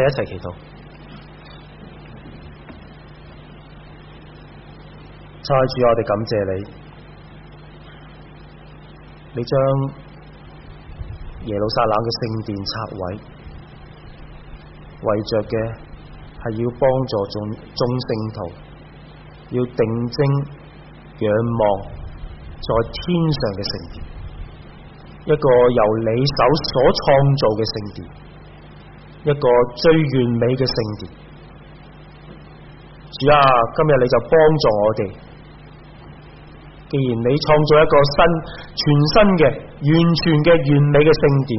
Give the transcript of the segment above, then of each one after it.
一齊祈禱，主，我哋感謝你，你將耶路撒冷嘅聖殿拆毀，為着嘅係要幫助眾眾聖徒，要定睛仰望在天上嘅聖殿，一個由你手所創造嘅聖殿。一個最完美嘅聖殿，主啊，今日你就幫助我哋。既然你創造一個新、全新嘅、完全嘅、完美嘅聖殿，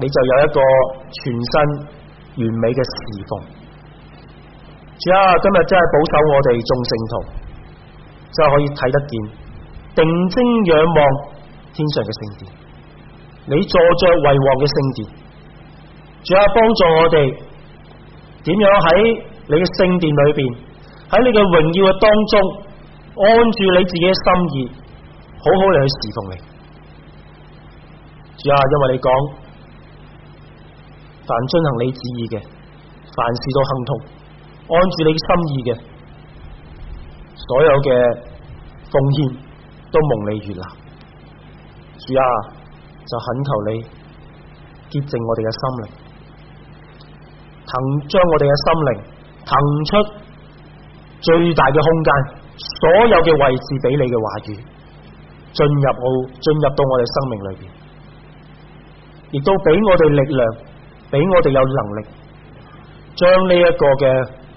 你就有一個全新、完美嘅侍奉。主啊，今日真係保守我哋眾聖徒，真係可以睇得見，定睛仰望天上嘅聖殿，你坐着為王嘅聖殿。主啊，幫助我哋點樣喺你嘅聖殿裏邊，喺你嘅榮耀嘅當中安住你自己嘅心意，好好嚟去侍奉你。主啊，因為你講，凡遵行你旨意嘅，凡事都亨通；按住你心意嘅，所有嘅奉獻都蒙你悅納。主啊，就懇求你潔淨我哋嘅心靈。騰將我哋嘅心靈騰出最大嘅空間，所有嘅位置俾你嘅話語進入我進入到我哋生命裏邊，亦都俾我哋力量，俾我哋有能力將呢一個嘅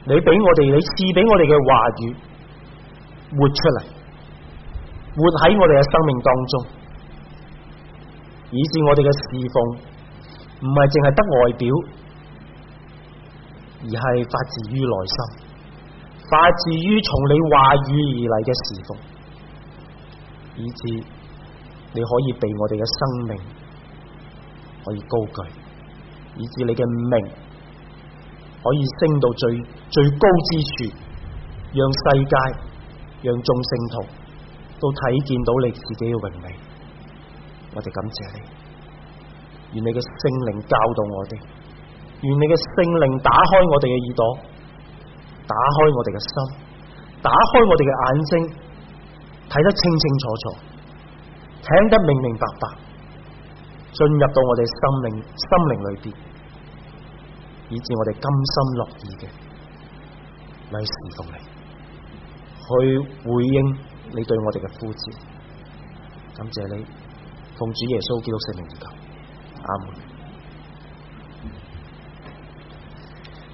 你俾我哋，你賜俾我哋嘅話語活出嚟，活喺我哋嘅生命當中，以至我哋嘅侍奉唔係淨係得外表。而係發自於內心，發自於從你話語而嚟嘅事奉，以至你可以被我哋嘅生命可以高舉，以至你嘅名可以升到最最高之處，讓世界、讓眾聖徒都睇見到你自己嘅榮美。我哋感謝你，願你嘅聖靈教導我哋。願你嘅聖靈打開我哋嘅耳朵，打開我哋嘅心，打開我哋嘅眼睛，睇得清清楚楚，聽得明明白白，進入到我哋心靈心靈裏邊，以至我哋甘心樂意嘅，來侍奉你，去回應你對我哋嘅呼召。感謝你，奉主耶穌基督聖名而求，阿門。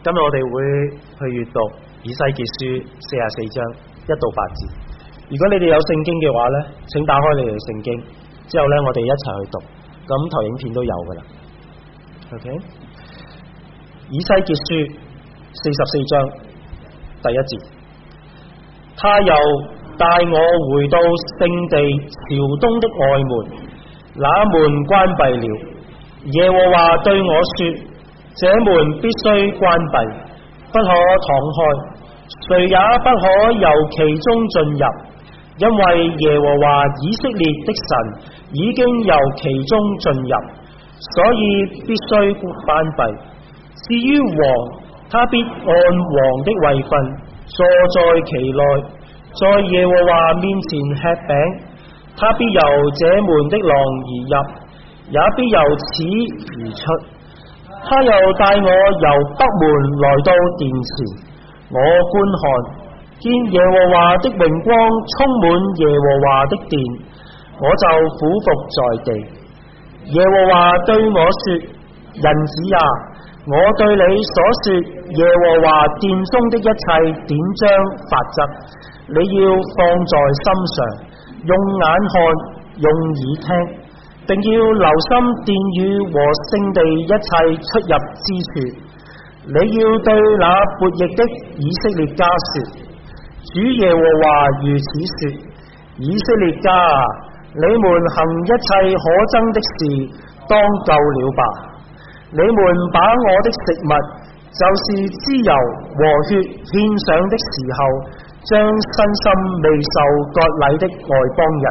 今日我哋會去閱讀以西結書四十四章一到八節。如果你哋有聖經嘅話呢請打開你哋嘅聖經，之後呢我哋一齊去讀。咁投影片都有噶啦。OK，以西結書四十四章第一節，他又帶我回到聖地朝東的外門，那門關閉了。耶和華對我說。這門必須關閉，不可敞開，誰也不可由其中進入，因為耶和華以色列的神已經由其中進入，所以必須關閉。至於王，他必按王的位分坐在其內，在耶和華面前吃餅，他必由這門的廊而入，也必由此而出。他又帶我由北門來到殿前，我觀看，見耶和華的榮光充滿耶和華的殿，我就俯伏在地。耶和華對我說：人子啊，我對你所說耶和華殿中的一切典章法則，你要放在心上，用眼看，用耳聽。定要留心殿宇和聖地一切出入之處。你要對那悖逆的以色列家說：主耶和華如此說，以色列家，你們行一切可憎的事，當夠了吧？你們把我的食物，就是脂油和血獻上的時候，將身心未受割禮的外邦人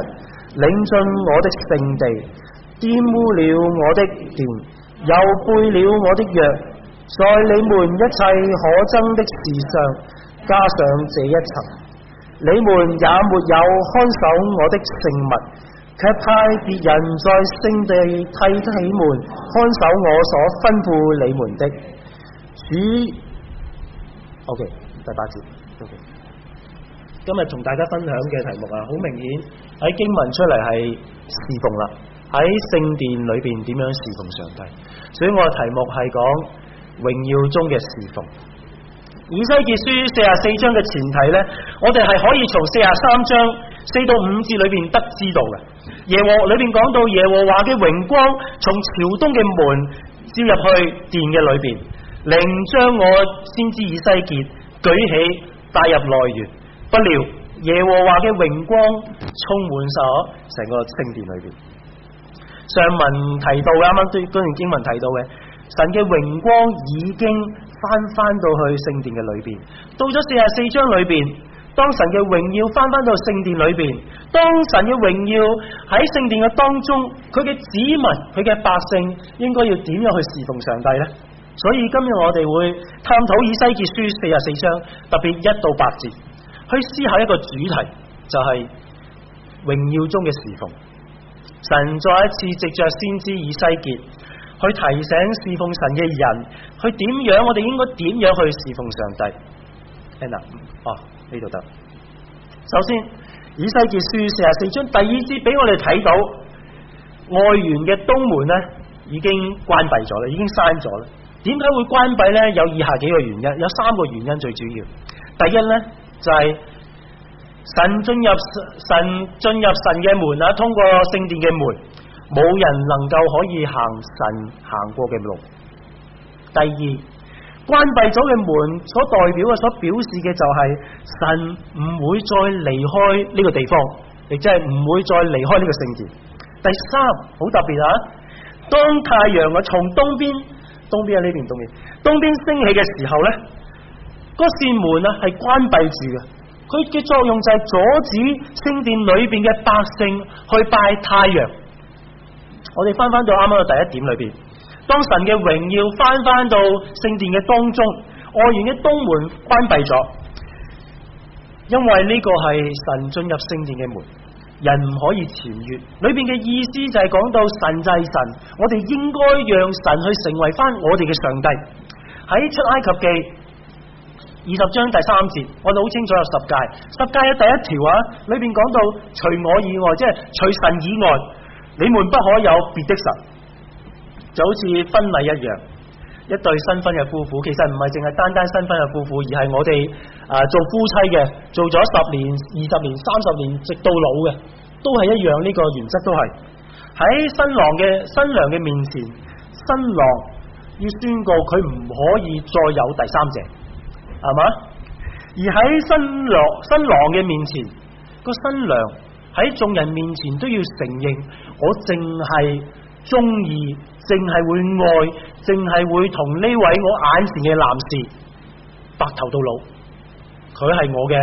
領進我的聖地。玷污了我的殿，又背了我的約，在你們一切可憎的事上，加上這一層，你們也沒有看守我的聖物，卻派別人在聖地替你們看守我所吩咐你們的此。O K，第八節。O K，今日同大家分享嘅題目啊，好明顯喺經文出嚟係侍奉啦。喺聖殿裏邊點樣侍奉上帝？所以我嘅題目係講榮耀中嘅侍奉。以西結書四十四章嘅前提呢，我哋係可以從四十三章四到五節裏邊得知到嘅。耶和裏邊講到耶和華嘅榮光從朝東嘅門照入去殿嘅裏邊，靈將我先知以西結舉起帶入內院。不料耶和華嘅榮光充滿晒成個聖殿裏邊。上文提到啱啱嗰段經文提到嘅，神嘅榮光已經翻翻到去聖殿嘅裏邊。到咗四十四章裏邊，當神嘅榮耀翻翻到聖殿裏邊，當神嘅榮耀喺聖殿嘅當中，佢嘅子民佢嘅百姓應該要點樣去侍奉上帝咧？所以今日我哋會探討以西結書四十四章，特別一到八節，去思考一個主題，就係榮耀中嘅侍奉。神再一次藉着先知以西結去提醒侍奉神嘅人，去點樣我哋應該點樣去侍奉上帝。a n 哦呢度得。首先，以西結書四十四章第二支俾我哋睇到外園嘅東門咧已經關閉咗啦，已經閂咗啦。點解會關閉咧？有以下幾個原因，有三個原因最主要。第一咧就係、是。神進入神，神進入神嘅門啊，通過聖殿嘅門，冇人能夠可以行神行過嘅路。第二，關閉咗嘅門所代表嘅，所表示嘅就係、是、神唔會再離開呢個地方，亦即係唔會再離開呢個聖殿。第三，好特別啊，當太陽啊從東邊東邊喺、啊、呢邊度，東邊升起嘅時候呢，嗰扇門啊係關閉住嘅。佢嘅作用就係阻止聖殿裏邊嘅百姓去拜太陽。我哋翻翻到啱啱嘅第一點裏邊，當神嘅榮耀翻翻到聖殿嘅當中，外院嘅東門關閉咗，因為呢個係神進入聖殿嘅門，人唔可以僭越。裏邊嘅意思就係講到神祭神，我哋應該讓神去成為翻我哋嘅上帝。喺出埃及記。二十章第三節，我哋好清楚有十誡，十誡嘅第一條啊，裏邊講到除我以外，即係除神以外，你們不可有別的神。就好似婚禮一樣，一對新婚嘅夫婦，其實唔係淨係單單新婚嘅夫婦，而係我哋啊做夫妻嘅，做咗十年、二十年、三十年，直到老嘅，都係一樣，呢個原則都係喺新郎嘅新娘嘅面前，新郎要宣告佢唔可以再有第三者。係嘛？而喺新郎新郎嘅面前，個新娘喺眾人面前都要承認我，我淨係中意，淨係會愛，淨係會同呢位我眼前嘅男士白頭到老，佢係我嘅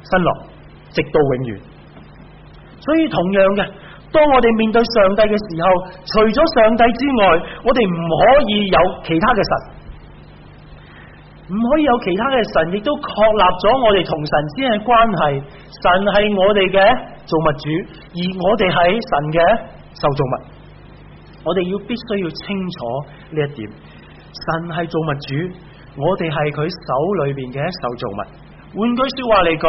新郎，直到永遠。所以同樣嘅，當我哋面對上帝嘅時候，除咗上帝之外，我哋唔可以有其他嘅神。唔可以有其他嘅神，亦都確立咗我哋同神之間嘅關係。神係我哋嘅造物主，而我哋係神嘅受造物。我哋要必須要清楚呢一點。神係造物主，我哋係佢手裏邊嘅受造物。換句說話嚟講，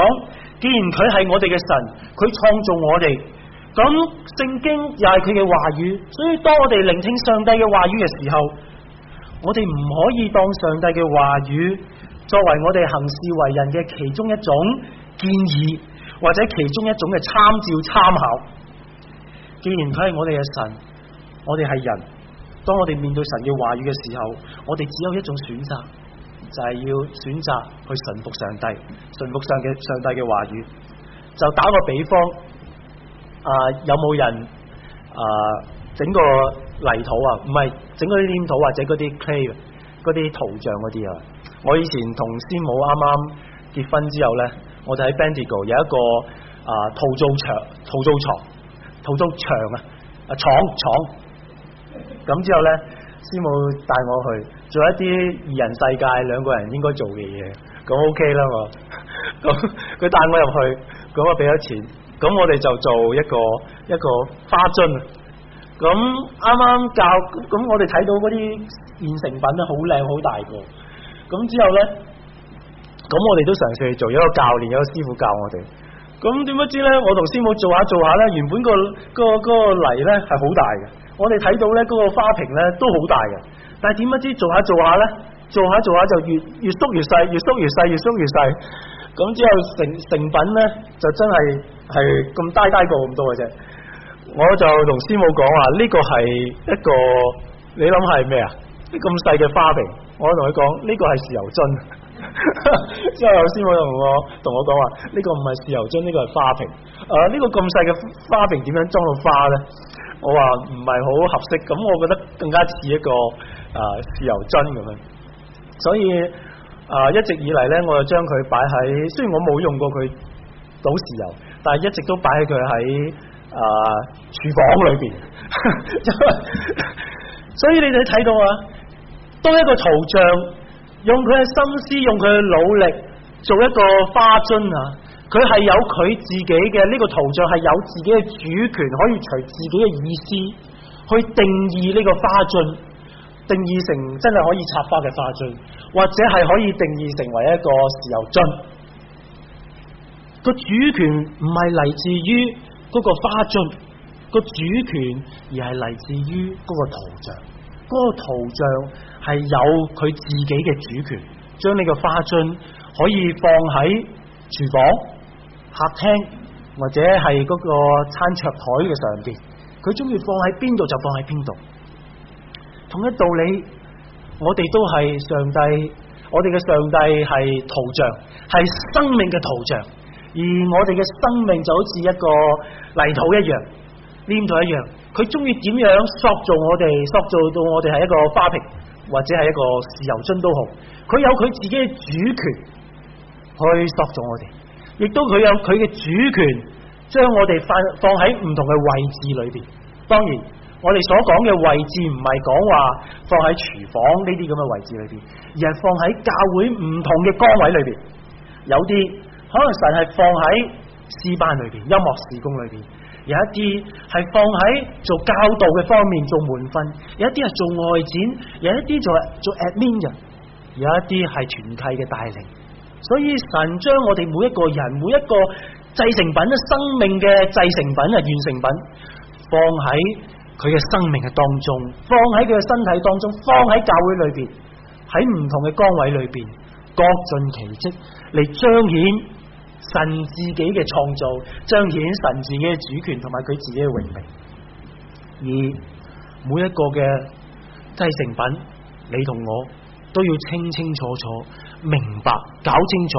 既然佢係我哋嘅神，佢創造我哋，咁聖經又係佢嘅話語。所以當我哋聆聽上帝嘅話語嘅時候，我哋唔可以當上帝嘅話語作為我哋行事為人嘅其中一種建議，或者其中一種嘅參照參考。既然佢係我哋嘅神，我哋係人，當我哋面對神嘅話語嘅時候，我哋只有一種選擇，就係、是、要選擇去順服上帝，順服上嘅上帝嘅話語。就打個比方，啊、呃，有冇人啊、呃，整個？泥土啊，唔係整嗰啲黏土、啊、或者嗰啲 clay 嗰啲陶像嗰啲啊。我以前同師母啱啱結婚之後咧，我就喺 Bendigo 有一個啊陶、呃、造場、陶造廠、陶造牆啊，啊廠廠。咁之後咧，師母帶我去做一啲二人世界兩個人應該做嘅嘢，咁 OK 啦 我。咁佢帶我入去，咁我俾咗錢，咁我哋就做一個一個花樽。咁啱啱教咁，我哋睇到嗰啲現成品咧，好靚，好大個。咁之後呢，咁我哋都嘗試做，有個教練，有個師傅教我哋。咁點不知呢？我同師傅做下做下呢，原本，個，個，個泥呢係好大嘅。我哋睇到呢嗰個花瓶呢都好大嘅。但係點不知做下做下呢？做下做下就越越縮越細，越縮越細，越縮越細。咁之後成成品呢，就真係係咁低低個咁多嘅啫。我就同師母講話，呢個係一個，你諗係咩啊？咁細嘅花瓶，我同佢講呢個係豉油樽。 之後有師母同我同我講話，呢個唔係豉油樽，呢、這個係花瓶。誒、呃、呢、這個咁細嘅花瓶點樣裝到花呢？我話唔係好合適。咁我覺得更加似一個誒、呃、豉油樽咁樣。所以誒、呃、一直以嚟呢，我就將佢擺喺，雖然我冇用過佢倒豉油，但係一直都擺喺佢喺啊！Uh, 廚房裏邊， 所以你哋睇到啊，當一個陶匠，用佢嘅心思，用佢嘅努力做一個花樽，啊，佢係有佢自己嘅呢、這個陶匠，係有自己嘅主權，可以隨自己嘅意思去定義呢個花樽，定義成真係可以插花嘅花樽，或者係可以定義成為一個豉油樽。那個主權唔係嚟自於嗰個花樽個主權而係嚟自於嗰個圖像，嗰個圖像係有佢自己嘅主權，將你個花樽可以放喺廚房、客廳或者係嗰個餐桌台嘅上邊，佢中意放喺邊度就放喺邊度。同一道理，我哋都係上帝，我哋嘅上帝係圖像，係生命嘅圖像。而我哋嘅生命就好似一個泥土一樣，黏土一樣，佢中意點樣塑造我哋，塑造到我哋係一個花瓶，或者係一個豉油樽都好，佢有佢自己嘅主權去塑造我哋，亦都佢有佢嘅主權將我哋放放喺唔同嘅位置裏邊。當然，我哋所講嘅位置唔係講話放喺廚房呢啲咁嘅位置裏邊，而係放喺教會唔同嘅崗位裏邊，有啲。可能神係放喺師班裏邊、音樂事工裏邊，有一啲係放喺做教導嘅方面做門訓，有一啲係做外展，有一啲做做 admin 嘅，有一啲係團契嘅帶領。所以神將我哋每一個人、每一個製成品、生命嘅製成品啊、完成品，放喺佢嘅生命嘅當中，放喺佢嘅身體當中，放喺教會裏邊，喺唔同嘅崗位裏邊，各盡其職嚟彰顯。神自己嘅創造，彰顯神自己嘅主權同埋佢自己嘅榮名。而每一個嘅製成品，你同我都要清清楚楚、明白、搞清楚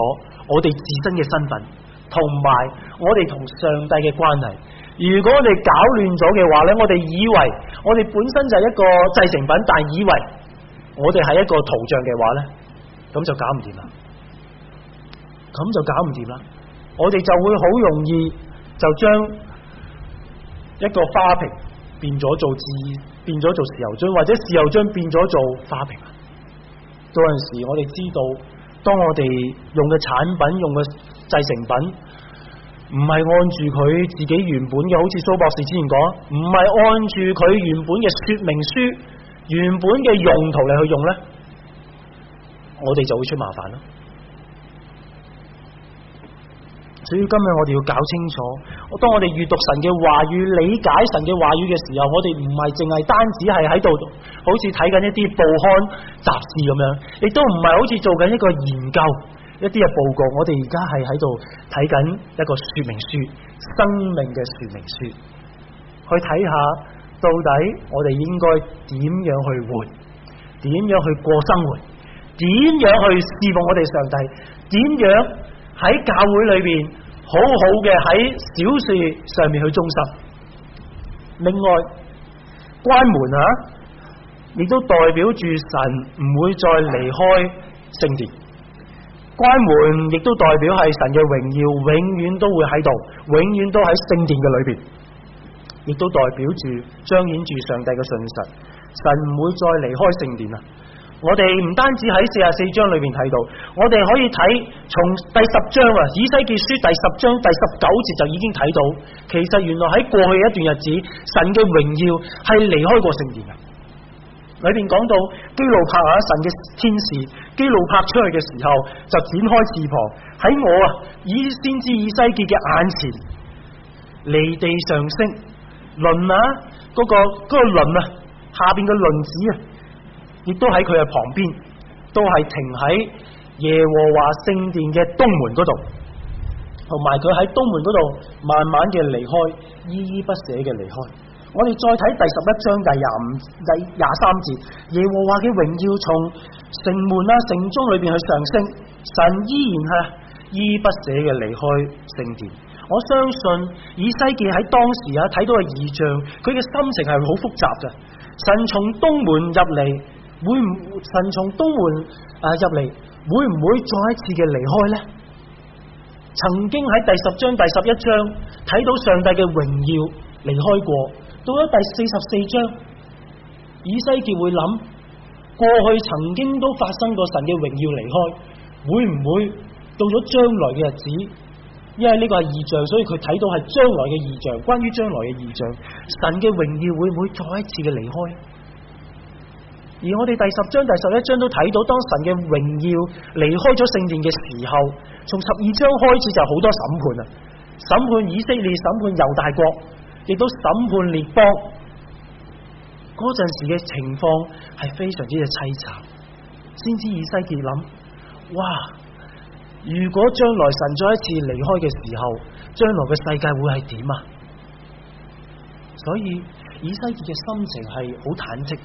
我哋自身嘅身份，同埋我哋同上帝嘅關係。如果我哋搞亂咗嘅話呢，我哋以為我哋本身就係一個製成品，但係以為我哋係一個圖像嘅話呢，咁就搞唔掂啦，咁就搞唔掂啦。我哋就會好容易就將一個花瓶變咗做字，變咗做石油樽，或者石油樽變咗做花瓶。到陣時，我哋知道，當我哋用嘅產品、用嘅製成品，唔係按住佢自己原本嘅，好似蘇博士之前講，唔係按住佢原本嘅說明書、原本嘅用途嚟去用呢，我哋就會出麻煩咯。所以今日我哋要搞清楚，當我哋閱讀神嘅話語、理解神嘅話語嘅時候，我哋唔係淨係單止係喺度，好似睇緊一啲報刊雜誌咁樣，亦都唔係好似做緊一個研究一啲嘅報告。我哋而家係喺度睇緊一個說明書，生命嘅說明書，去睇下到底我哋應該點樣去活，點樣去過生活，點樣去侍奉我哋上帝，點樣？喺教會裏邊好好嘅喺小事上面去忠心。另外，關門啊，亦都代表住神唔會再離開聖殿。關門亦都代表係神嘅榮耀永遠都會喺度，永遠都喺聖殿嘅裏邊，亦都代表住彰顯住上帝嘅信實，神唔會再離開聖殿啊。我哋唔單止喺四十四章裡面睇到，我哋可以睇從第十章啊，以西結書第十章第十九節就已經睇到，其實原來喺過去一段日子，神嘅榮耀係離開過聖殿嘅。裡邊講到基路柏啊，神嘅天使基路柏出去嘅時候，就展開翅膀喺我啊，以先知以西結嘅眼前離地上升，輪啊，嗰個嗰個輪啊，下邊嘅輪子啊。亦都喺佢嘅旁邊，都係停喺耶和華聖殿嘅東門嗰度，同埋佢喺東門嗰度慢慢嘅離開，依依不捨嘅離開。我哋再睇第十一章第廿五，第廿三節，耶和華嘅榮耀從城門啊，城中裏邊去上升，神依然係依依不捨嘅離開聖殿。我相信以西結喺當時啊睇到嘅異象，佢嘅心情係好複雜嘅。神從東門入嚟。會唔會神從東門啊入嚟，會唔會再一次嘅離開呢？曾經喺第十章、第十一章睇到上帝嘅榮耀離開過，到咗第四十四章，以西結會諗過去曾經都發生過神嘅榮耀離開，會唔會到咗將來嘅日子？因為呢個係異象，所以佢睇到係將來嘅異象。關於將來嘅異象，神嘅榮耀會唔會再一次嘅離開？而我哋第十章、第十一章都睇到，當神嘅榮耀離開咗聖殿嘅時候，從十二章開始就好多審判啊！審判以色列，審判猶大國，亦都審判列邦。嗰陣時嘅情況係非常之嘅凄慘，先知以西結諗：哇！如果將來神再一次離開嘅時候，將來嘅世界會係點啊？所以以西結嘅心情係好忐忑。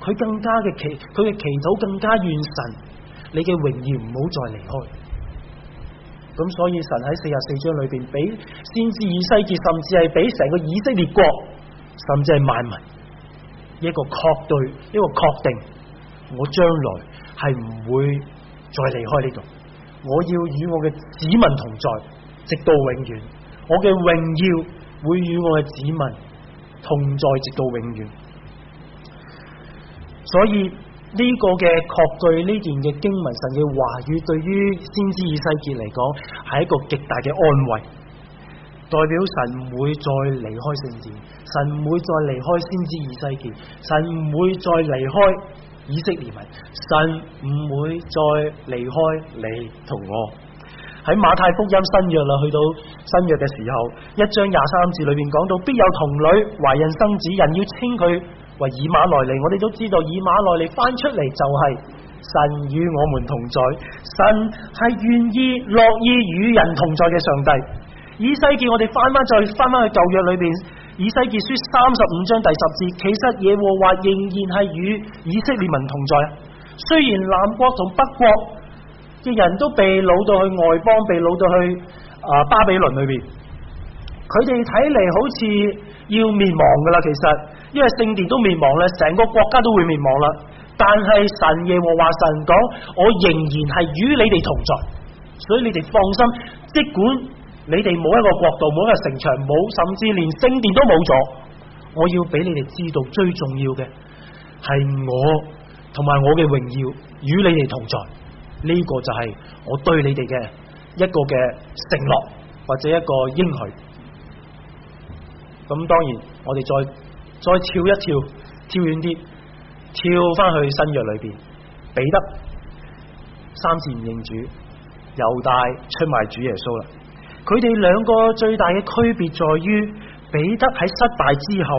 佢更加嘅祈，佢嘅祈禱更加怨神，你嘅榮耀唔好再離開。咁所以神喺四十四章裏邊，俾先知以西結，甚至係俾成個以色列國，甚至係萬民，一個確對，一個確定，我將來係唔會再離開呢度。我要與我嘅子民同在，直到永遠。我嘅榮耀會與我嘅子民同在，直到永遠。所以呢、這個嘅確據呢件嘅經文，神嘅話語對於先知以西結嚟講係一個極大嘅安慰，代表神唔會再離開聖殿，神唔會再離開先知以西結，神唔會再離開以色列民，神唔會再離開你同我。喺馬太福音新約啦，去到新約嘅時候，一章廿三字裏面講到，必有童女懷孕生子，人要稱佢。話以馬內利，我哋都知道以馬內利翻出嚟就係神與我們同在，神係願意樂意與人同在嘅上帝。以西結我哋翻翻再翻翻去舊約裏邊，以西結書三十五章第十節，其實耶和華仍然係與以色列民同在，雖然南國同北國嘅人都被擄到去外邦，被擄到去、呃、巴比倫裏邊，佢哋睇嚟好似要滅亡噶啦，其實。因為聖殿都滅亡咧，成個國家都會滅亡啦。但係神耶和華神講，我仍然係與你哋同在，所以你哋放心。即管你哋冇一個國度，冇一個城牆，冇，甚至連聖殿都冇咗，我要俾你哋知道，最重要嘅係我同埋我嘅榮耀與你哋同在。呢、這個就係我對你哋嘅一個嘅承諾或者一個應許。咁當然，我哋再。再跳一跳，跳遠啲，跳翻去新約裏邊，彼得三次唔認主，猶大出賣主耶穌啦。佢哋兩個最大嘅區別在於，彼得喺失敗之後，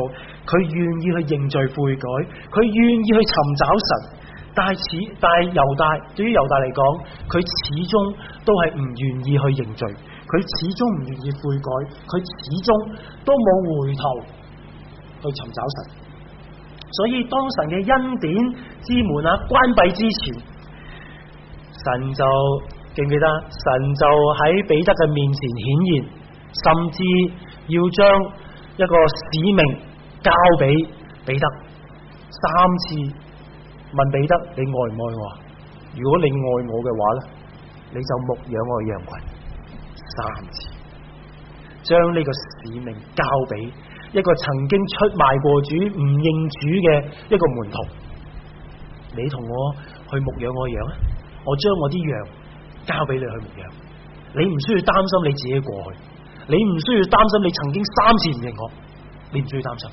佢願意去認罪悔改，佢願意去尋找神。但係始但係猶大，對於猶大嚟講，佢始終都係唔願意去認罪，佢始終唔願意悔改，佢始終都冇回頭。去尋找神，所以當神嘅恩典之門啊關閉之前，神就記唔記得？神就喺彼得嘅面前顯現，甚至要將一個使命交俾彼得，三次問彼得：你愛唔愛我？如果你愛我嘅話咧，你就牧養我羊群。三次，將呢個使命交俾。一個曾經出賣過主、唔認主嘅一個門徒，你同我去牧養我嘅羊啊！我將我啲羊交俾你去牧養，你唔需要擔心你自己過去，你唔需要擔心你曾經三次唔認我，你唔需要擔心，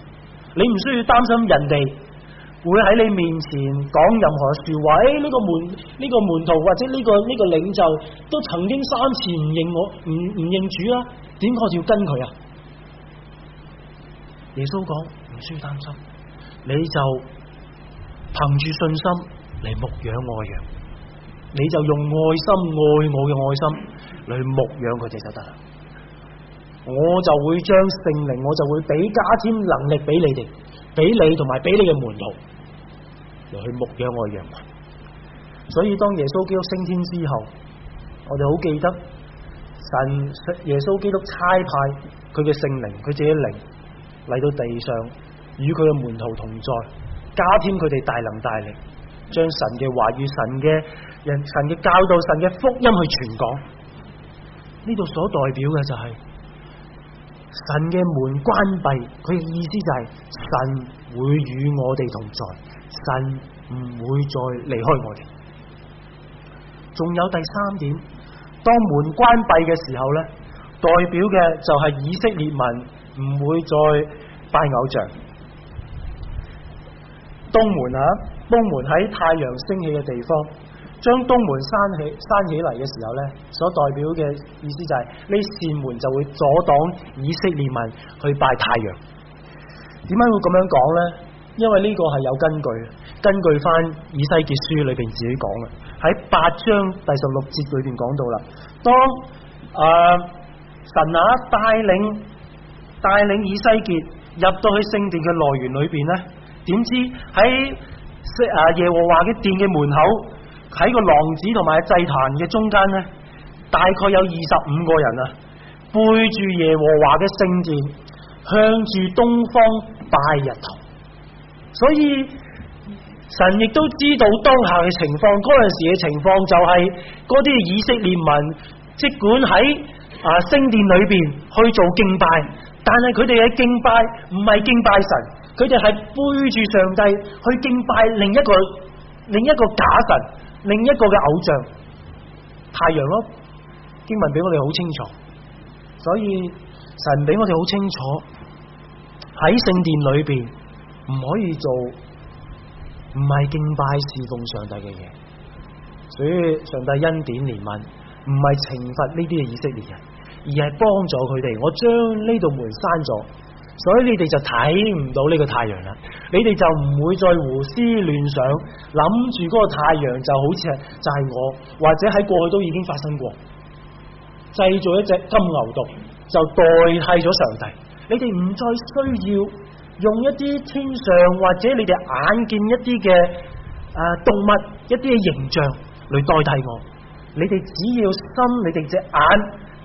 你唔需要擔心人哋會喺你面前講任何說話。誒，哎呢個門呢個門徒或者呢個呢個領袖都曾經三次唔認我唔唔認主啦，點可以要跟佢啊？耶穌講，唔需要擔心，你就憑住信心嚟牧養我嘅羊，你就用愛心愛我嘅愛心嚟牧養佢哋就得啦。我就會將聖靈，我就會俾加添能力俾你哋，俾你同埋俾你嘅門徒嚟去牧養我嘅羊。所以當耶穌基督升天之後，我哋好記得神耶穌基督差派佢嘅聖靈，佢自己靈。嚟到地上，與佢嘅門徒同在，加添佢哋大能大力，將神嘅話與神嘅人、神嘅教導、神嘅福音去傳講。呢度所代表嘅就係、是、神嘅門關閉，佢嘅意思就係、是、神會與我哋同在，神唔會再離開我哋。仲有第三點，當門關閉嘅時候咧，代表嘅就係以色列民。唔會再拜偶像。東門啊，東門喺太陽升起嘅地方，將東門閂起閂起嚟嘅時候呢，所代表嘅意思就係呢扇門就會阻擋以色列民去拜太陽。點解會咁樣講呢？因為呢個係有根據，根據翻以西結書裏邊自己講嘅，喺八章第十六節裏邊講到啦。當啊、呃、神啊帶領。帶領以西結入到去聖殿嘅內院裏邊呢，點知喺啊耶和華嘅殿嘅門口，喺個廊子同埋祭壇嘅中間呢，大概有二十五個人啊，背住耶和華嘅聖殿，向住東方拜日頭。所以神亦都知道當下嘅情況，嗰陣時嘅情況就係嗰啲以色列民，即管喺啊聖殿裏邊去做敬拜。但係佢哋嘅敬拜，唔係敬拜神，佢哋係背住上帝去敬拜另一個、另一個假神、另一個嘅偶像太陽咯。經文俾我哋好清楚，所以神俾我哋好清楚喺聖殿裏邊唔可以做，唔係敬拜侍奉上帝嘅嘢，所以上帝恩典憐憫，唔係懲罰呢啲嘅以色列人。而係幫助佢哋，我將呢道門閂咗，所以你哋就睇唔到呢個太陽啦。你哋就唔會再胡思亂想，諗住嗰個太陽就好似係就係我，或者喺過去都已經發生過，製造一隻金牛犢就代替咗上帝。你哋唔再需要用一啲天上或者你哋眼見一啲嘅、啊動物一啲嘅形象嚟代替我。你哋只要心，你哋隻眼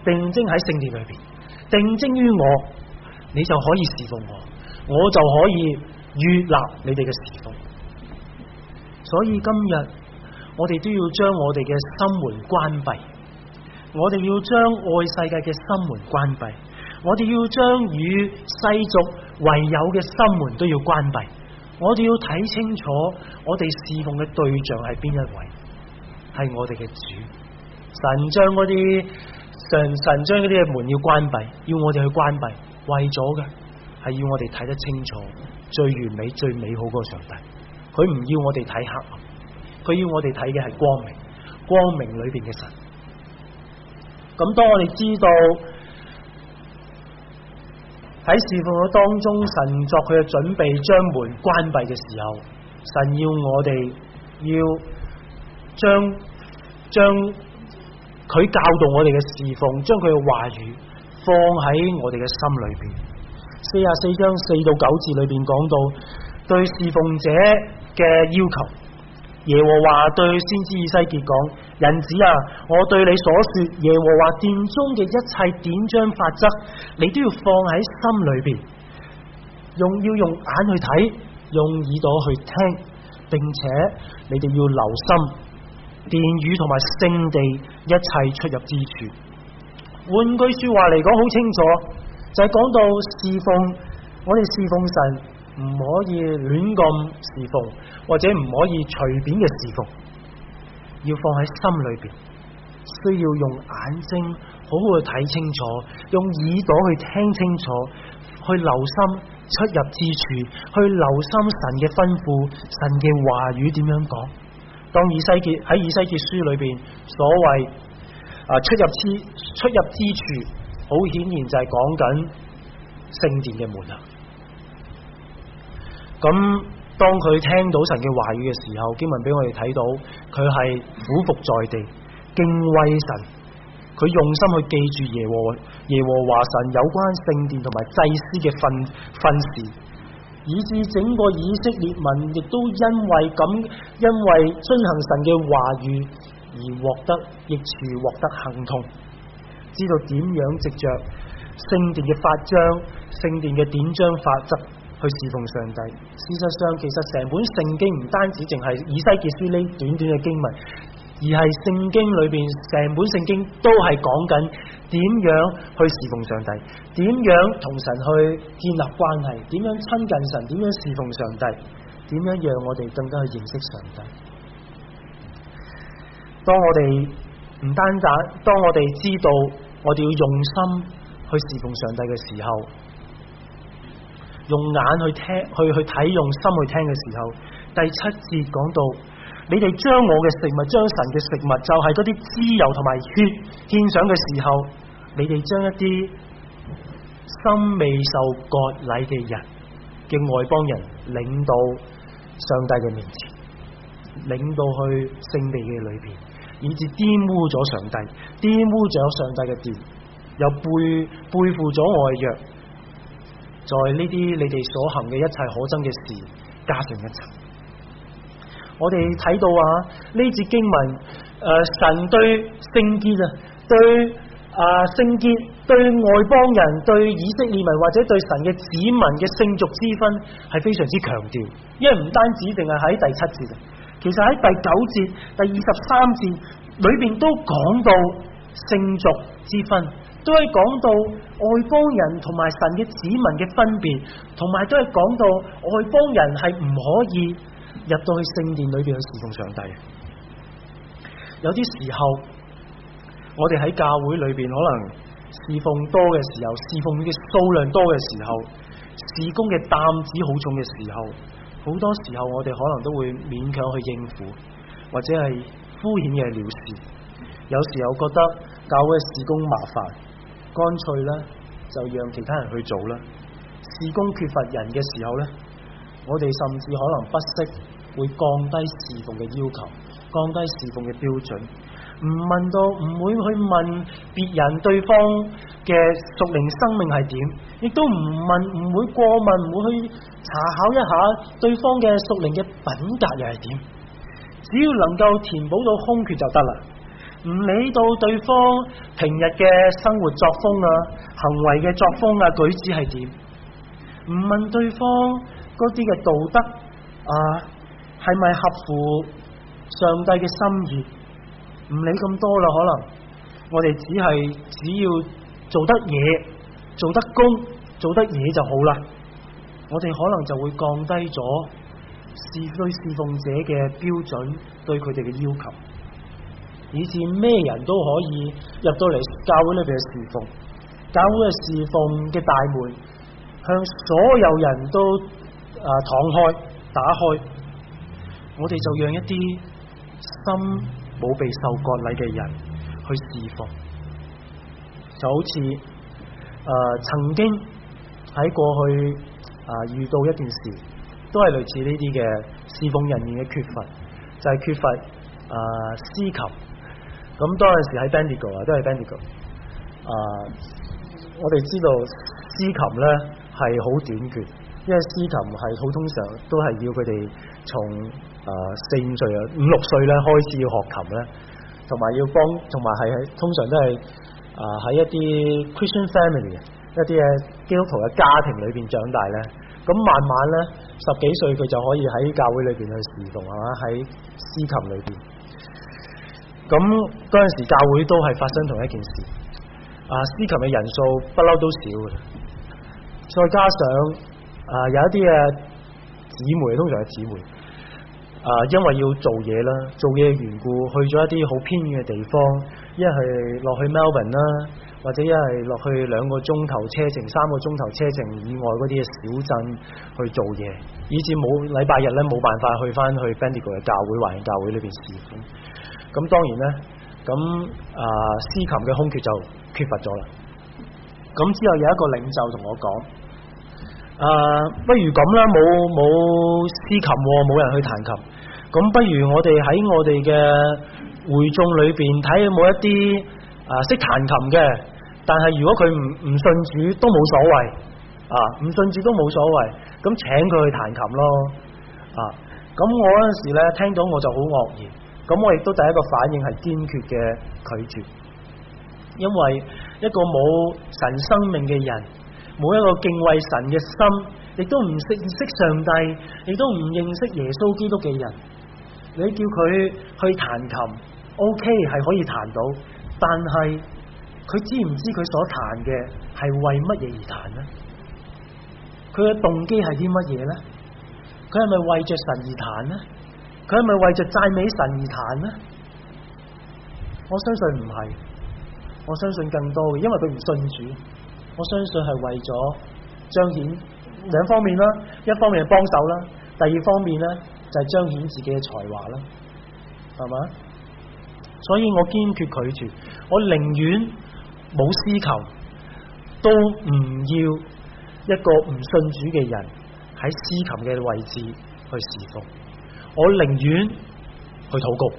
定睛喺聖殿裏邊，定睛於我，你就可以侍奉我，我就可以悦納你哋嘅侍奉。所以今日我哋都要將我哋嘅心門關閉，我哋要將愛世界嘅心門關閉，我哋要將與世俗唯有嘅心門都要關閉。我哋要睇清楚，我哋侍奉嘅對象係邊一位，係我哋嘅主神，將嗰啲。神將嗰啲嘢，門要關閉，要我哋去關閉，為咗嘅係要我哋睇得清楚最完美、最美好嗰個上帝。佢唔要我哋睇黑暗，佢要我哋睇嘅係光明，光明裏邊嘅神。咁當我哋知道喺事奉嘅當中，神作佢嘅準備，將門關閉嘅時候，神要我哋要將將。佢教導我哋嘅侍奉，將佢嘅話語放喺我哋嘅心裏邊。四十四章四到九節裏邊講到對侍奉者嘅要求，耶和華對先知以西結講：人子啊，我對你所說，耶和華殿中嘅一切典章法則，你都要放喺心裏邊，用要用眼去睇，用耳朵去聽，並且你哋要留心。殿宇同埋聖地一切出入之處，換句說話嚟講，好清楚，就係講到侍奉，我哋侍奉神唔可以亂咁侍奉，或者唔可以隨便嘅侍奉，要放喺心裏邊，需要用眼睛好好去睇清楚，用耳朵去聽清楚，去留心出入之處，去留心神嘅吩咐，神嘅話語點樣講。當以西結喺以西結書裏邊，所謂啊出入之出入之處，好顯然就係講緊聖殿嘅門啊。咁當佢聽到神嘅話語嘅時候，經文俾我哋睇到，佢係俯伏在地敬畏神，佢用心去記住耶和耶和華神有關聖殿同埋祭司嘅訓訓示。以至整個以色列民亦都因為咁，因為遵行神嘅話語而獲得益處，獲得幸同，知道點樣藉着聖殿嘅法章、聖殿嘅典章法則去侍奉上帝。事實上，其實成本聖經唔單止淨係以西結書呢短短嘅經文，而係聖經裏邊成本聖經都係講緊。點樣去侍奉上帝？點樣同神去建立關係？點樣親近神？點樣侍奉上帝？點樣讓我哋更加去認識上帝？當我哋唔單單，當我哋知道我哋要用心去侍奉上帝嘅時候，用眼去聽，去去睇，用心去聽嘅時候，第七節講到。你哋將我嘅食物、將神嘅食物，就係嗰啲脂油同埋血獻上嘅時候，你哋將一啲心未受割禮嘅人嘅外邦人領到上帝嘅面前，領到去聖地嘅裏邊，以至玷污咗上帝，玷污咗上帝嘅殿，又背背負咗外約，在呢啲你哋所行嘅一切可憎嘅事，加上一層。我哋睇到啊，呢節經文，誒、呃，神對聖潔啊，對啊、呃、聖潔，對外邦人、對以色列民或者對神嘅子民嘅聖俗之分係非常之強調，因為唔單止定係喺第七節，其實喺第九節、第二十三節裏邊都講到聖俗之分，都係講到外邦人同埋神嘅子民嘅分別，同埋都係講到外邦人係唔可以。入到去聖殿裏邊去侍奉上帝，有啲時候我哋喺教會裏邊可能侍奉多嘅時候，侍奉嘅數量多嘅時候，事工嘅擔子好重嘅時候，好多時候我哋可能都會勉強去應付，或者係敷衍嘅了事。有時候覺得教會嘅事工麻煩，乾脆咧就讓其他人去做啦。事工缺乏人嘅時候咧。我哋甚至可能不惜會降低侍奉嘅要求，降低侍奉嘅標準，唔問到唔會去問別人對方嘅屬靈生命係點，亦都唔問唔會過問，唔會去查考一下對方嘅屬靈嘅品格又係點。只要能夠填補到空缺就得啦，唔理到對方平日嘅生活作風啊、行為嘅作風啊、舉止係點，唔問對方。嗰啲嘅道德啊，係咪合乎上帝嘅心意？唔理咁多啦，可能我哋只係只要做得嘢、做得工、做得嘢就好啦。我哋可能就會降低咗侍需侍奉者嘅標準，對佢哋嘅要求，以致咩人都可以入到嚟教會裏邊嘅侍奉，教會嘅侍奉嘅大門向所有人都。啊！敞開，打開，我哋就讓一啲心冇被受割禮嘅人去侍奉，就好似啊、呃、曾經喺過去啊、呃、遇到一件事，都係類似呢啲嘅侍奉人員嘅缺乏，就係、是、缺乏啊司、呃、琴。咁當陣時喺 Bendigo 啊，都係 Bendigo 啊，我哋知道司琴咧係好短缺。因為司琴係好通常都係要佢哋從誒四五歲啊五六歲咧開始要學琴咧，同埋要幫，同埋係喺通常都係誒喺一啲 Christian family 一啲嘅基督徒嘅家庭裏邊長大咧，咁慢慢咧十幾歲佢就可以喺教會裏邊去侍奉係嘛，喺司琴裏邊，咁嗰陣時教會都係發生同一件事，啊司琴嘅人數不嬲都少㗎，再加上。啊，有一啲啊姊妹，通常係姊妹啊，因為要做嘢啦，做嘢嘅緣故，去咗一啲好偏遠嘅地方，一係落去 Melbourne 啦，啊，或者一係落去兩個鐘頭車程、三個鐘頭車程以外嗰啲嘅小鎮去做嘢，以至冇禮拜日咧冇辦法去翻去 Bendigo 嘅教會或者教會裏邊事奉。咁，啊，當然咧，咁啊，司琴嘅空缺就缺乏咗啦。咁之後有一個領袖同我講。啊，不如咁啦，冇冇司琴，冇人去彈琴。咁不如我哋喺我哋嘅會眾裏邊睇有冇一啲啊識彈琴嘅，但係如果佢唔唔信主都冇所謂啊，唔信主都冇所謂。咁請佢去彈琴咯。啊，咁我嗰陣時咧，聽到我就好愕然，咁我亦都第一個反應係堅決嘅拒絕，因為一個冇神生命嘅人，冇一個敬畏神嘅心，亦都唔識認識上帝，亦都唔認識耶穌基督嘅人。你叫佢去彈琴，OK 係可以彈到，但係佢知唔知佢所彈嘅係為乜嘢而彈呢？佢嘅動機係啲乜嘢呢？佢係咪為着神而彈呢？佢係咪為着讚美神而彈呢？我相信唔係，我相信更多嘅，因為佢唔信主。我相信係為咗彰顯兩方面啦，一方面係幫手啦，第二方面咧就係、是、彰顯自己嘅才華啦，係嘛？所以我堅決拒絕，我寧願冇司琴，都唔要一個唔信主嘅人喺司琴嘅位置去侍奉。我寧願去禱告，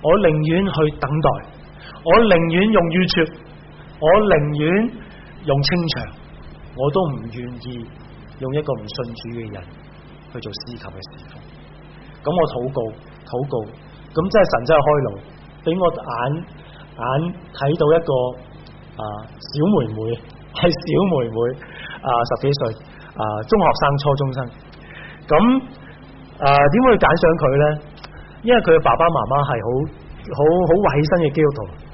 我寧願去等待，我寧願用預設，我寧願。用清場，我都唔願意用一個唔信主嘅人去做司琴嘅事。咁我禱告，禱告，咁真係神真係開路，俾我眼眼睇到一個啊小妹妹，係小妹妹啊十幾歲啊中學生、初中生。咁啊點會揀上佢呢？因為佢嘅爸爸媽媽係好好好委身嘅基督徒。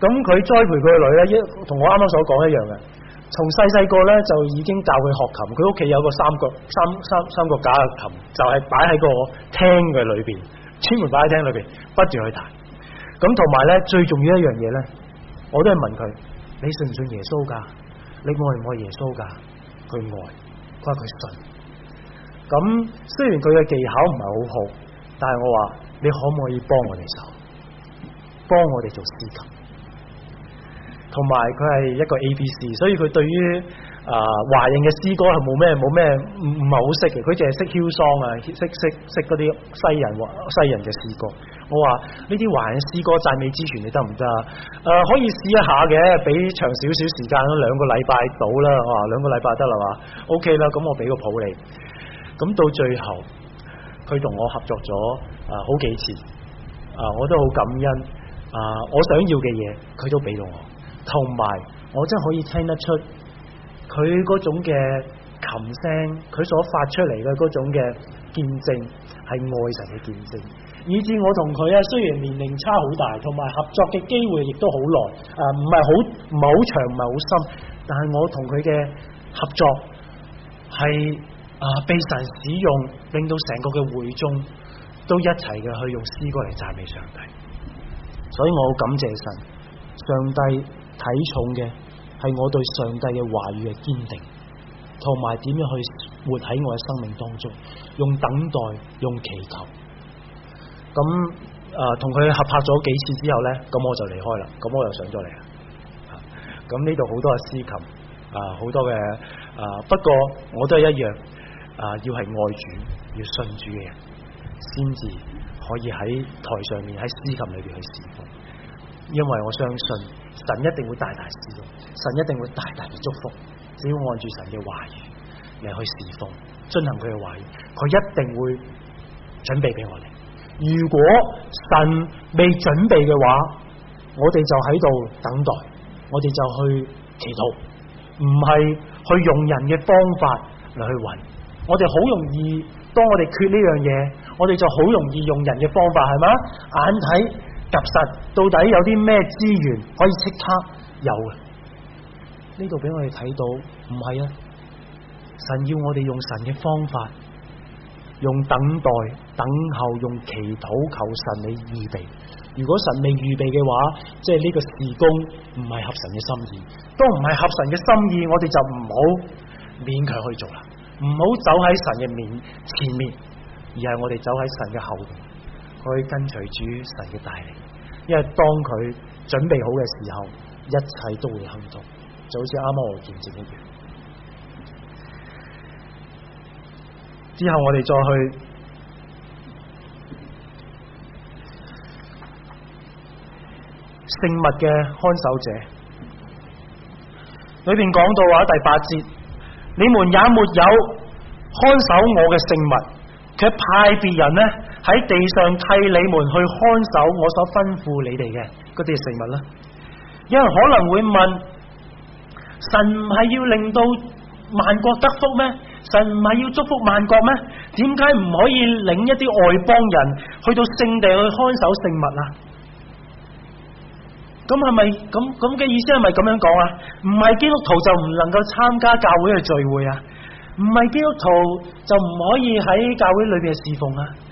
咁佢栽培佢個女咧，一同我啱啱所講一樣嘅，從細細個咧就已經教佢學琴。佢屋企有個三角三三三角架琴，就係擺喺個廳嘅裏邊，專門擺喺廳裏邊不斷去彈。咁同埋咧最重要一樣嘢咧，我都係問佢：你信唔信耶穌噶？你愛唔愛耶穌噶？佢愛，佢話佢信。咁雖然佢嘅技巧唔係好好，但係我話你可唔可以幫我哋手，幫我哋做司琴？同埋佢係一個 A B C，所以佢對於啊華人嘅詩歌係冇咩冇咩唔係好識嘅，佢淨係識 Hillsong 啊，識識識嗰啲西人西人嘅詩歌。我話呢啲華人詩歌讚美之泉，你得唔得啊？誒，可以試一下嘅，俾長少少時間，兩個禮拜到啦。兩 OK，我話兩個禮拜得啦嘛，OK 啦，咁我俾個譜你。咁到最後，佢同我合作咗啊、呃、好幾次啊、呃，我都好感恩啊、呃。我想要嘅嘢，佢都俾到我。同埋，我真可以聽得出佢嗰種嘅琴聲，佢所發出嚟嘅嗰種嘅見證，係愛神嘅見證。以至我同佢啊，雖然年齡差好大，同埋合作嘅機會亦都好耐，啊、呃，唔係好唔係好長，唔係好深，但係我同佢嘅合作係啊、呃、被神使用，令到成個嘅會眾都一齊嘅去用詩歌嚟讚美上帝。所以我好感謝神，上帝。體重嘅係我對上帝嘅話語嘅堅定，同埋點樣去活喺我嘅生命當中，用等待，用祈求。咁啊，同、呃、佢合拍咗幾次之後呢，咁我就離開啦。咁我又上咗嚟。咁呢度好多嘅詩琴啊，好多嘅啊，啊。不過我都係一樣啊，要係愛主、要信主嘅人，先至可以喺台上面喺詩琴裏邊去試。因為我相信神一定會大大使用，神一定會大大嘅祝福。只要按住神嘅話語嚟去侍奉，進行佢嘅話語，佢一定會準備俾我哋。如果神未準備嘅話，我哋就喺度等待，我哋就去祈禱，唔係去用人嘅方法嚟去揾。我哋好容易，當我哋缺呢樣嘢，我哋就好容易用人嘅方法，係咪？眼睇。及實到底有啲咩資源可以測測？有嘅呢度俾我哋睇到，唔係啊！神要我哋用神嘅方法，用等待、等候，用祈禱求，求神嚟預備。如果神未預備嘅話，即係呢個事工唔係合神嘅心意，都唔係合神嘅心意，我哋就唔好勉強去做啦，唔好走喺神嘅面前面，而係我哋走喺神嘅後面。佢跟隨主神嘅帶領，因為當佢準備好嘅時候，一切都會亨通，就好似啱啱我見證一樣。之後我哋再去聖物嘅看守者，裏邊講到話第八節，你們也沒有看守我嘅聖物，卻派別人呢？喺地上替你們去看守我所吩咐你哋嘅嗰啲食物啦。有人可能會問：神唔係要令到萬國得福咩？神唔係要祝福萬國咩？點解唔可以領一啲外邦人去到聖地去看守聖物啊？咁係咪咁咁嘅意思，係咪咁樣講啊？唔係基督徒就唔能夠參加教會嘅聚會啊？唔係基督徒就唔可以喺教會裏邊侍奉啊？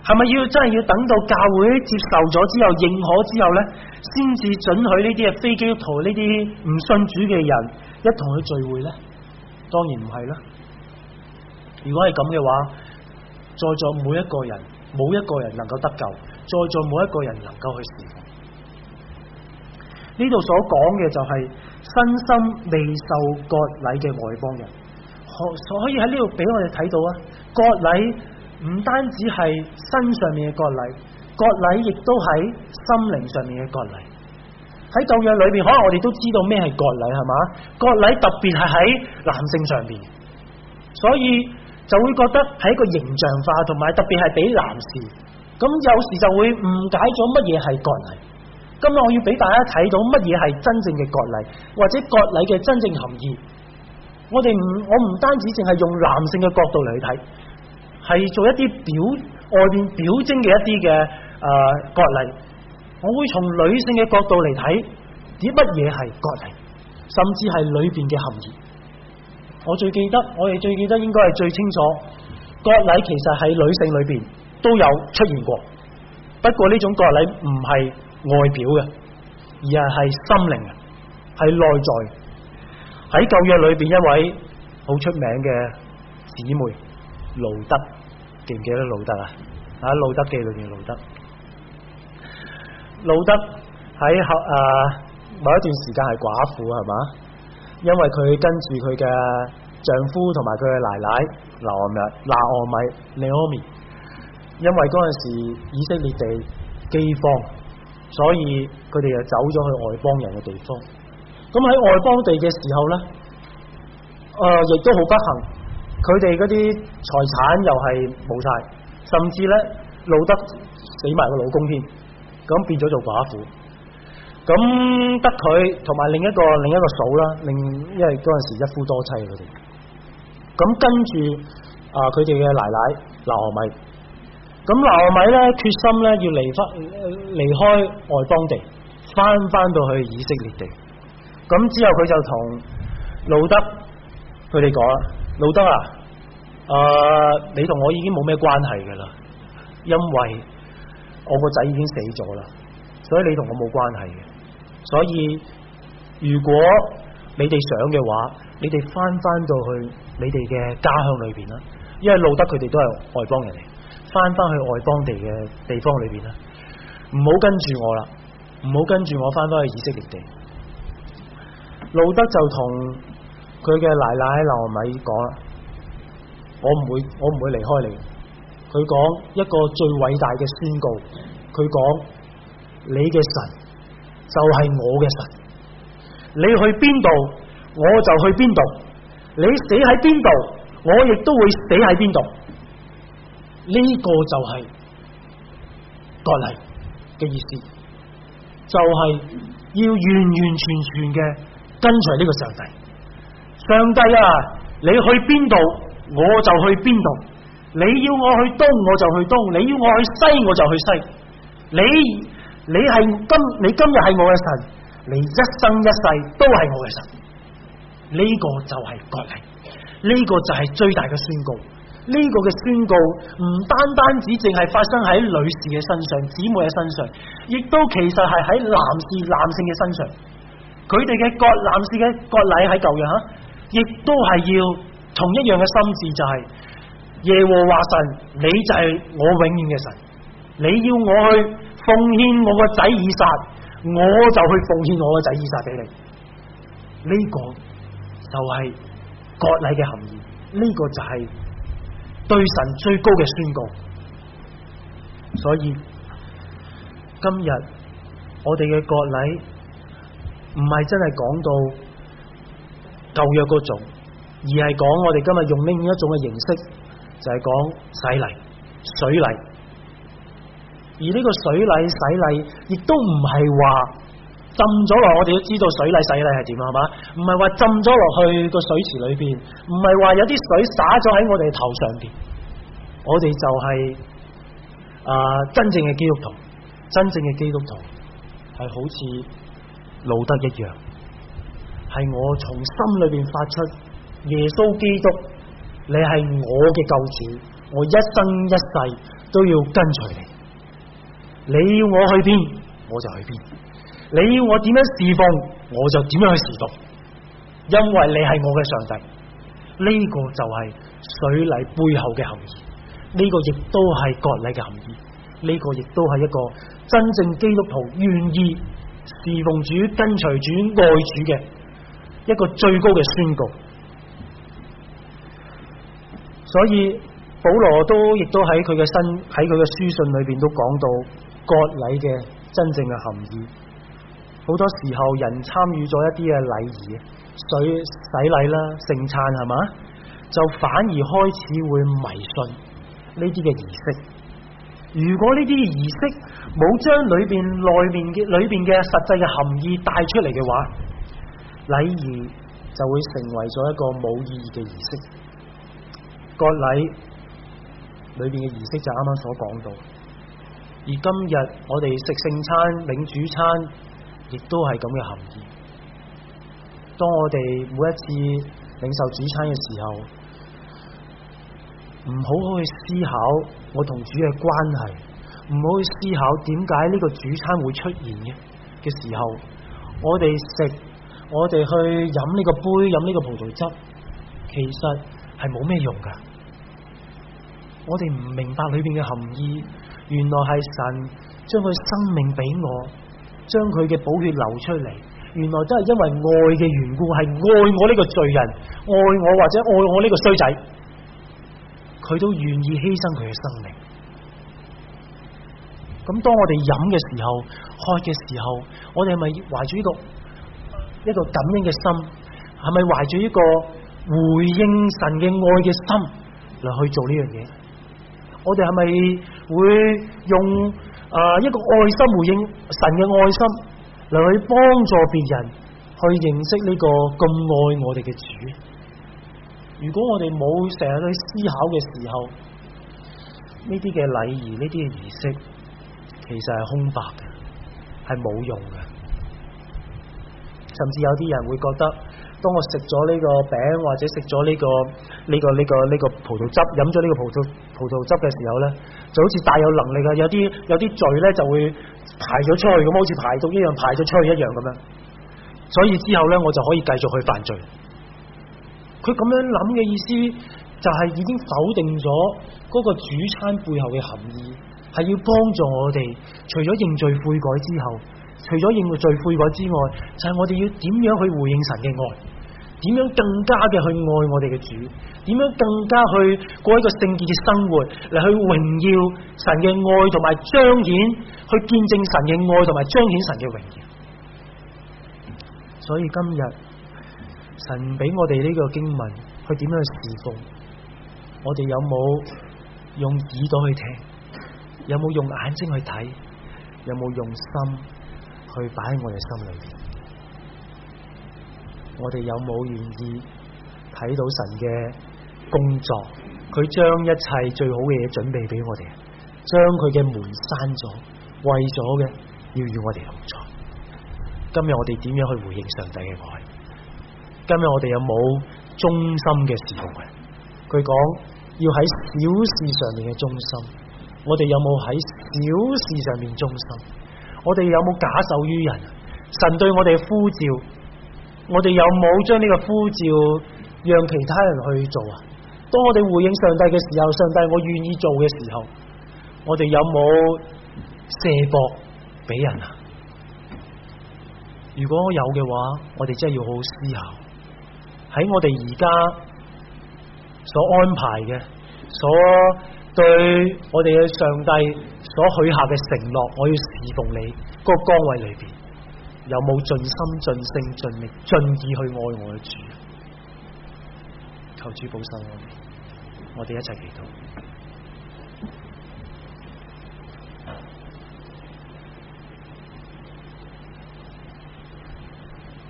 係咪要真係要等到教會接受咗之後認可之後呢？先至准許呢啲嘅非基督徒呢啲唔信主嘅人一同去聚會呢？當然唔係啦。如果係咁嘅話，在座每一個人，冇一個人能夠得救，在座每一個人能夠去事奉。呢度所講嘅就係身心未受割禮嘅外邦人，可以喺呢度俾我哋睇到啊，割禮。唔單止係身上面嘅割禮，割禮亦都喺心靈上面嘅割禮。喺舊約裏邊，可能我哋都知道咩係割禮係嘛？割禮特別係喺男性上邊，所以就會覺得係一個形象化，同埋特別係俾男士。咁有時就會誤解咗乜嘢係割禮。今日我要俾大家睇到乜嘢係真正嘅割禮，或者割禮嘅真正含義。我哋唔，我唔單止淨係用男性嘅角度嚟去睇。係做一啲表外面表徵嘅一啲嘅誒割禮，我會從女性嘅角度嚟睇啲乜嘢係割禮，甚至係裏邊嘅含義。我最記得，我哋最記得應該係最清楚割禮其實喺女性裏邊都有出現過，不過呢種割禮唔係外表嘅，而係係心靈嘅，係內在。喺舊約裏邊一位好出名嘅姊妹路德。記唔記得路得啊？啊，路得記裏邊路得，路得喺後啊，某一段時間係寡婦係嘛？因為佢跟住佢嘅丈夫同埋佢嘅奶奶，拿俄米、拿俄米、尼俄米。因為嗰陣時以色列地饑荒，所以佢哋就走咗去外邦人嘅地方。咁喺外邦地嘅時候咧，誒、呃，亦都好不幸。佢哋嗰啲財產又係冇晒，甚至咧路得死埋個老公添，咁變咗做寡婦，咁得佢同埋另一個另一個嫂啦，另因為嗰陣時一夫多妻佢哋咁，跟住啊佢哋嘅奶奶拿俄米，咁拿俄米咧決心咧要離翻離開外邦地，翻翻到去以色列地，咁之後佢就同路得佢哋講。路德啊，誒、呃，你同我已經冇咩關係噶啦，因為我個仔已經死咗啦，所以你同我冇關係嘅，所以如果你哋想嘅話，你哋翻翻到去你哋嘅家鄉裏邊啦，因為路德佢哋都係外邦人嚟，翻翻去外邦地嘅地方裏邊啦，唔好跟住我啦，唔好跟住我翻翻去以色列地，路德就同。佢嘅奶奶拿俄米講啦，我唔會，我唔會離開你。佢講一個最偉大嘅宣告，佢講，你嘅神就係我嘅神，你去邊度我就去邊度，你死喺邊度我亦都會死喺邊度。呢、這個就係格尼嘅意思，就係、是、要完完全全嘅跟隨呢個上帝。上帝啊！你去邊度，我就去邊度。你要我去東，我就去東；你要我去西，我就去西。你你係今你今日係我嘅神，你一生一世都係我嘅神。呢個就係割禮，呢個就係最大嘅宣告。呢個嘅宣告唔單單只淨係發生喺女士嘅身上、姊妹嘅身上，亦都其實係喺男士男性嘅身上。佢哋嘅割男士嘅割禮喺舊約吓。亦都係要同一樣嘅心志，就係耶和華神，你就係我永遠嘅神，你要我去奉獻我個仔以撒，我就去奉獻我個仔以撒俾你。呢、這個就係割禮嘅含義，呢、這個就係對神最高嘅宣告。所以今日我哋嘅割禮唔係真係講到。舊約嗰種，而係講我哋今日用另一種嘅形式，就係、是、講洗禮、水禮。而呢個水禮、洗禮，亦都唔係話浸咗落，我哋都知道水禮、洗禮係點，係嘛？唔係話浸咗落去個水池裏邊，唔係話有啲水灑咗喺我哋頭上邊，我哋就係、是、啊、呃、真正嘅基督徒，真正嘅基督徒係好似老得一樣。係我從心裏邊發出，耶穌基督，你係我嘅救主，我一生一世都要跟隨你。你要我去邊，我就去邊；你要我點樣侍奉，我就點樣去侍奉。因為你係我嘅上帝，呢、這個就係水禮背後嘅含義，呢、這個亦都係割禮嘅含義，呢、這個亦都係一個真正基督徒願意侍奉主、跟隨主、愛主嘅。一個最高嘅宣告，所以保羅都亦都喺佢嘅身喺佢嘅書信裏邊都講到割禮嘅真正嘅含義。好多時候人參與咗一啲嘅禮儀，水洗禮啦、聖餐係咪？就反而開始會迷信呢啲嘅儀式。如果呢啲儀式冇將裏邊內面嘅裏邊嘅實際嘅含義帶出嚟嘅話，禮儀就會成為咗一個冇意義嘅儀式，割禮裏邊嘅儀式就啱啱所講到，而今日我哋食聖餐領主餐，亦都係咁嘅含義。當我哋每一次領受主餐嘅時候，唔好好去思考我同主嘅關係，唔好去思考點解呢個主餐會出現嘅嘅時候，我哋食。我哋去飲呢個杯，飲呢個葡萄汁，其實係冇咩用噶。我哋唔明白裏面嘅含義，原來係神將佢生命俾我，將佢嘅寶血流出嚟，原來都係因為愛嘅緣故，係愛我呢個罪人，愛我或者愛我呢個衰仔，佢都願意犧牲佢嘅生命。咁當我哋飲嘅時候，喝嘅時候，我哋係咪懷住呢個。一個感恩嘅心，係咪懷住一個回應神嘅愛嘅心嚟去做呢樣嘢？我哋係咪會用啊一個愛心回應神嘅愛心嚟去幫助別人，去認識呢個咁愛我哋嘅主？如果我哋冇成日去思考嘅時候，呢啲嘅禮儀、呢啲嘅儀式，其實係空白嘅，係冇用嘅。甚至有啲人會覺得，當我食咗呢個餅或者食咗呢個呢個呢個呢個葡萄汁，飲咗呢個葡萄葡萄汁嘅時候呢就好似大有能力啊！有啲有啲罪呢就會排咗出去，咁好似排毒一樣排咗出去一樣咁樣。所以之後呢，我就可以繼續去犯罪。佢咁樣諗嘅意思，就係已經否定咗嗰個主餐背後嘅含義，係要幫助我哋除咗認罪悔改之後。除咗應付罪悔改之外，就係、是、我哋要點樣去回應神嘅愛，點樣更加嘅去愛我哋嘅主，點樣更加去過一個聖潔嘅生活嚟去榮耀神嘅愛同埋彰顯，去見證神嘅愛同埋彰顯神嘅榮耀。所以今日神俾我哋呢個經文，佢點樣去侍奉？我哋有冇用耳朵去聽？有冇用眼睛去睇？有冇用心？佢擺喺我哋心裏邊，我哋有冇願意睇到神嘅工作？佢將一切最好嘅嘢準備俾我哋，將佢嘅門閂咗，為咗嘅要與我哋合作。今日我哋點樣去回應上帝嘅愛？今日我哋有冇忠心嘅事奉？佢講要喺小事上面嘅忠心，我哋有冇喺小事上面忠心？我哋有冇假手於人？神對我哋呼召，我哋有冇將呢個呼召讓其他人去做啊？當我哋回應上帝嘅時候，上帝我願意做嘅時候，我哋有冇卸膊俾人啊？如果有嘅話，我哋真係要好好思考喺我哋而家所安排嘅所。對我哋嘅上帝所許下嘅承諾，我要侍奉你嗰、那個崗位裏邊，有冇盡心盡性盡力盡意去愛我嘅主？求主保守我哋，我哋一齊祈禱。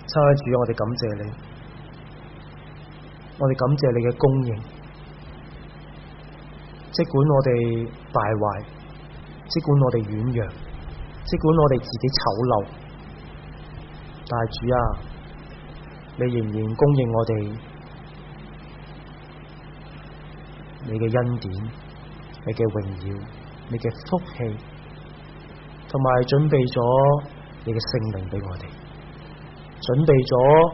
親愛的主，我哋感謝你，我哋感謝你嘅供應。即管我哋敗壞，即管我哋軟弱，即管我哋自己醜陋，但係主啊，你仍然供應我哋，你嘅恩典，你嘅榮耀，你嘅福氣，同埋準備咗你嘅聖靈俾我哋，準備咗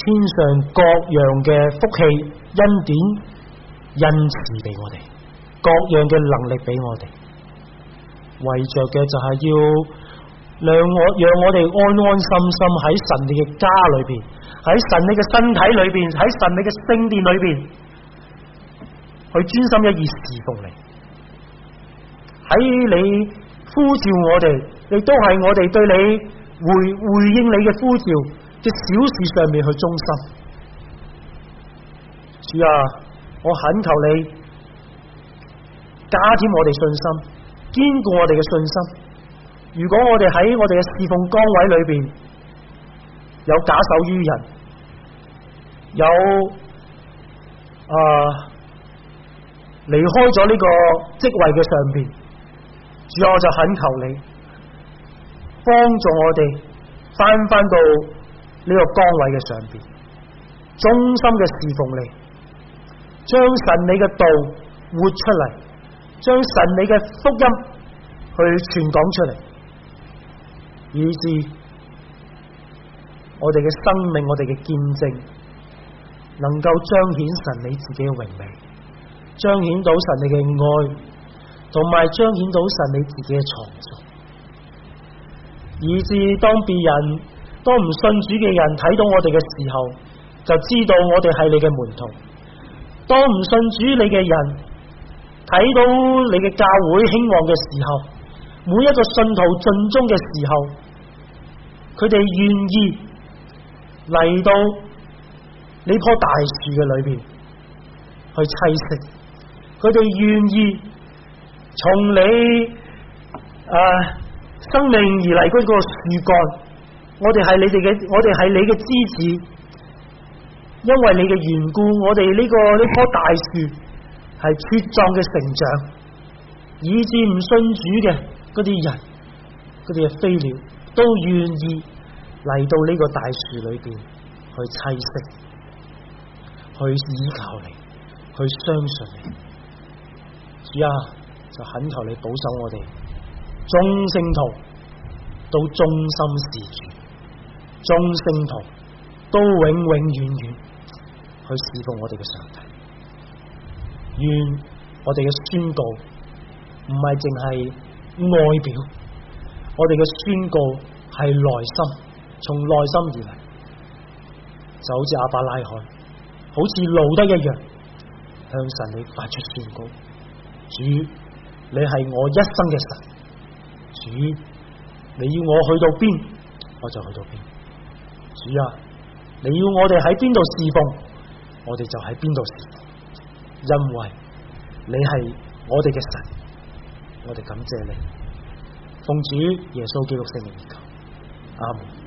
天上各樣嘅福氣、恩典、恩賜俾我哋。各樣嘅能力俾我哋，為着嘅就係要讓我讓我哋安安心心喺神你嘅家裏邊，喺神你嘅身體裏邊，喺神你嘅聖殿裏邊，去專心一意侍奉你。喺你呼召我哋，亦都係我哋對你回回應你嘅呼召，嘅小事上面去忠心。主啊，我懇求你。加添我哋信心，堅固我哋嘅信心。如果我哋喺我哋嘅侍奉崗位裏邊有假手於人，有啊離開咗呢個職位嘅上邊，主我就懇求你幫助我哋翻翻到呢個崗位嘅上邊，忠心嘅侍奉你，將神你嘅道活出嚟。將神你嘅福音去傳講出嚟，以至我哋嘅生命，我哋嘅見證，能夠彰顯神你自己嘅榮美，彰顯到神你嘅愛，同埋彰顯到神你自己嘅創造，以至當別人當唔信主嘅人睇到我哋嘅時候，就知道我哋係你嘅門徒。當唔信主你嘅人，睇到你嘅教會興旺嘅時候，每一個信徒盡忠嘅時候，佢哋願意嚟到呢棵大樹嘅裏邊去棲息，佢哋願意從你誒、呃、生命而嚟嗰個樹幹，我哋係你哋嘅，我哋係你嘅支持，因為你嘅緣故，我哋呢、呢個呢棵大樹。係茁壯嘅成長，以致唔信主嘅嗰啲人，嗰啲嘅飛鳥都願意嚟到呢個大樹裏邊去棲息，去依靠你，去相信你。主啊，就懇求你保守我哋，眾信徒都忠心事主，眾信徒都永永遠遠，遠去侍奉我哋嘅上帝。願我哋嘅宣告唔係淨係外表，我哋嘅宣告係內心，從內心而嚟，就好似亞伯拉罕，好似路得一樣，向神你發出宣告：主，你係我一生嘅神；主，你要我去到邊，我就去到邊；主啊，你要我哋喺邊度侍奉，我哋就喺邊度侍因為你係我哋嘅神，我哋感謝你，奉主耶穌基督聖名而求，阿門。